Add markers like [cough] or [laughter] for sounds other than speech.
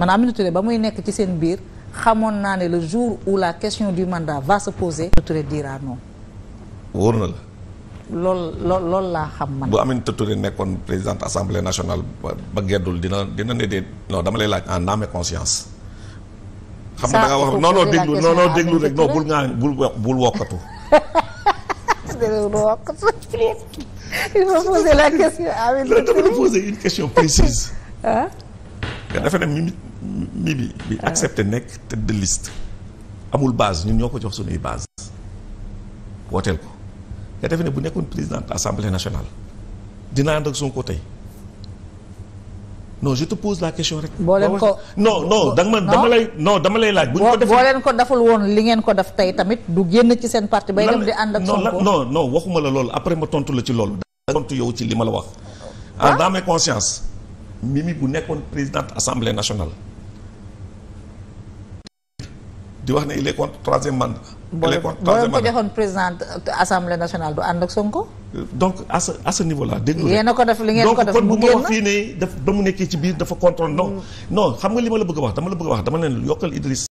man Aminata Touré ba muy nekk ci seen biir xamoon naa ne le jour où la question du mandat va se poser. Touré dira non. na la. lool lool laa xam man. bu Aminata Touré nekkoon président assemblée nationale ba geddul dina dina ne de non dama lay laaj en âme et conscience. xam nga da nga wax non non déglu non non déglu rek non bul ngaa bul bul wokkatu. [laughs] il faut poser la question Aminata Touré. dama poser une question précise. [laughs] nga defe ne mi mi bi bi ah. accepté nekk te de liste amul base ñun ñoo ko jox suñuy base wooteel ko nga defe ne bu nekkoon président assemblée nationale dina ànd ak Sonko tey non je te pose la question rek. boo leen ko non non dama dama lay. non dama lay laaj. bu ñu ko defee boo leen ko deful woon li ngeen ko def tey tamit du génn ci seen parti. bay dem di ànd ak Sonko non non waxuma la loolu après ma tontu la ci lool loolu. tontu yow ci li ma la wax. ah, ah dans mes consciences. Mimi bu nekkoon présidente assemblée nationale. di wax ne il est contre troisième mandat. il est contre troisième mandat boo ko joxoon présidente assemblée nationale du ànd ak Sonko. Euh, donc à ce à ce niveau là. dégg nga yéen a ko def li ngeen ko def mu génn donc kon bu ma wax fii ne daf ba mu nekkee ci biir dafa contrôle non mm. non xam nga li ma la bëgg a wax dama la bëgg a wax dama leen yokkal Idriss.